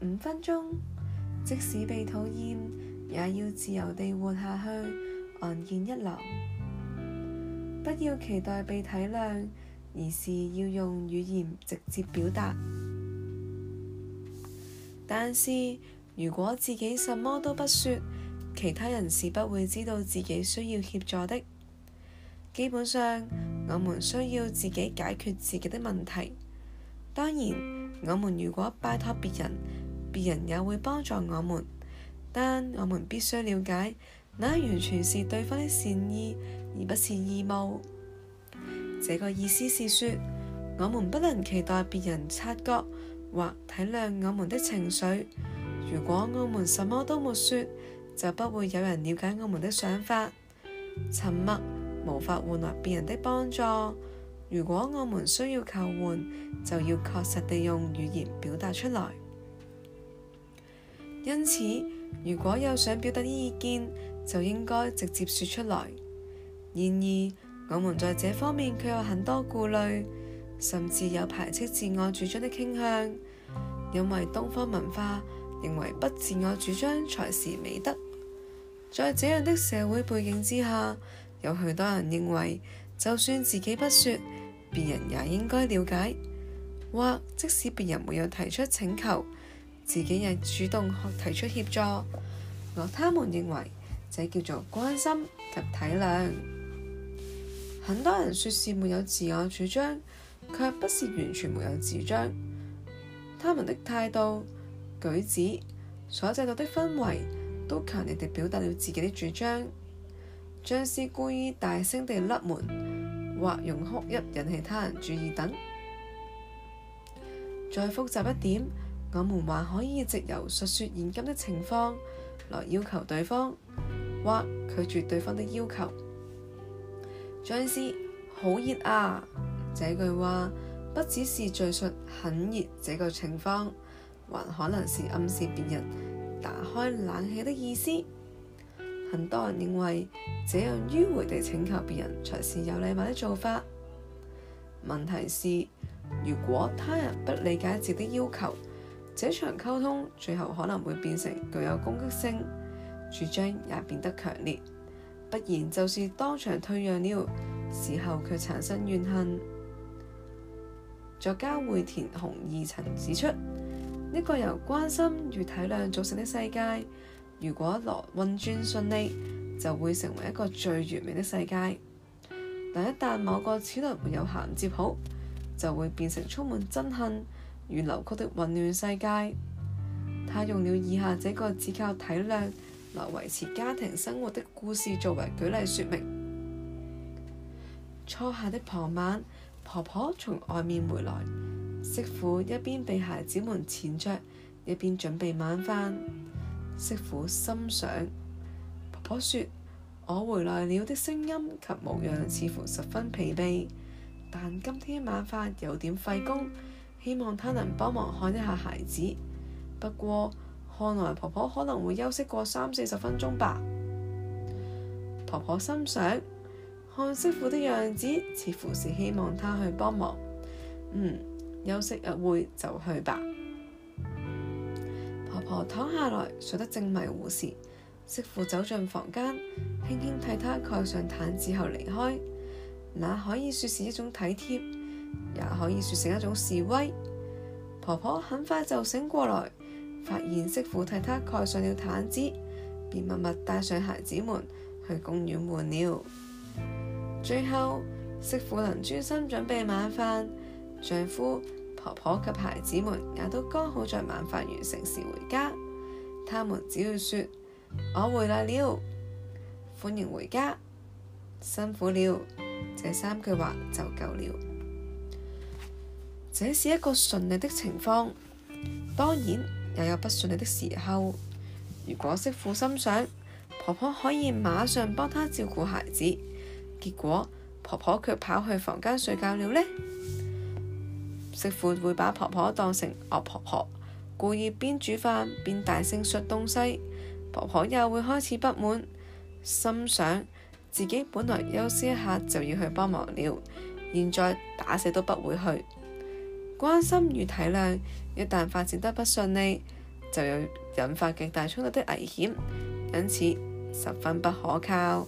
五分鐘，即使被討厭，也要自由地活下去。按鍵一流，不要期待被體諒，而是要用語言直接表達。但是，如果自己什麼都不說，其他人是不會知道自己需要協助的。基本上，我們需要自己解決自己的問題。當然。我們如果拜託別人，別人也會幫助我們，但我們必須了解，那完全是對方的善意，而不是義務。這個意思是說，我們不能期待別人察覺或體諒我們的情緒。如果我們什麼都沒說，就不會有人了解我們的想法。沉默無法換來別人的幫助。如果我們需要求援，就要確實地用語言表達出來。因此，如果有想表達啲意見，就應該直接說出來。然而，我們在這方面卻有很多顧慮，甚至有排斥自我主張的傾向，因為東方文化認為不自我主張才是美德。在這樣的社會背景之下，有許多人認為。就算自己不說，別人也應該了解。或即使別人沒有提出請求，自己也主動提出協助。我他們認為，這叫做關心及體諒。很多人說是沒有自我主張，卻不是完全沒有主張。他們的態度、舉止、所製造的氛圍，都強烈地表達了自己的主張。像是故意大聲地甩門。或用哭泣引起他人注意等。再複雜一點，我們還可以藉由述說現今的情況來要求對方，或拒絕對方的要求。像是，好熱啊！這句話不只是敘述很熱這個情況，還可能是暗示別人打開冷氣的意思。很多人認為這樣迂回地請求別人才是有禮貌的做法。問題是，如果他人不理解自己的要求，這場溝通最後可能會變成具有攻擊性，主張也變得強烈。不然就是當場退讓了，事後卻產生怨恨。作家會田弘二曾指出：一個由關心與體諒組成的世界。如果羅運轉順利，就會成為一個最完美的世界。但一旦某個齒輪沒有銜接好，就會變成充滿憎恨與扭曲的混亂世界。他用了以下這個只靠體諒來維持家庭生活的故事作為舉例說明。初夏的傍晚，婆婆從外面回來，媳婦一邊被孩子們纏着，一邊準備晚飯。媳婦心想：婆婆說我回來了的聲音及模樣似乎十分疲憊，但今天晚飯有點費工，希望她能幫忙看一下孩子。不過，看來婆婆可能會休息過三四十分鐘吧。婆婆心想：看媳婦的樣子，似乎是希望她去幫忙。嗯，休息一會就去吧。婆婆躺下來睡得正迷糊時，媳婦走進房間，輕輕替她蓋上毯子後離開。那可以說是一種體貼，也可以說成一種示威。婆婆很快就醒過來，發現媳婦替她蓋上了毯子，便默默帶上孩子們去公園玩了。最後，媳婦能專心準備晚飯，丈夫。婆婆及孩子們也都剛好在晚飯完成時回家，他們只要說：我回來了，歡迎回家，辛苦了，這三句話就夠了。這是一個順利的情況，當然也有不順利的時候。如果媳婦心想婆婆可以馬上幫她照顧孩子，結果婆婆卻跑去房間睡覺了呢？媳婦會把婆婆當成惡婆婆，故意邊煮飯邊大聲摔東西，婆婆又會開始不滿，心想自己本來休息一下就要去幫忙了，現在打死都不會去。關心與體諒一旦發展得不順利，就有引發極大衝突的危險，因此十分不可靠。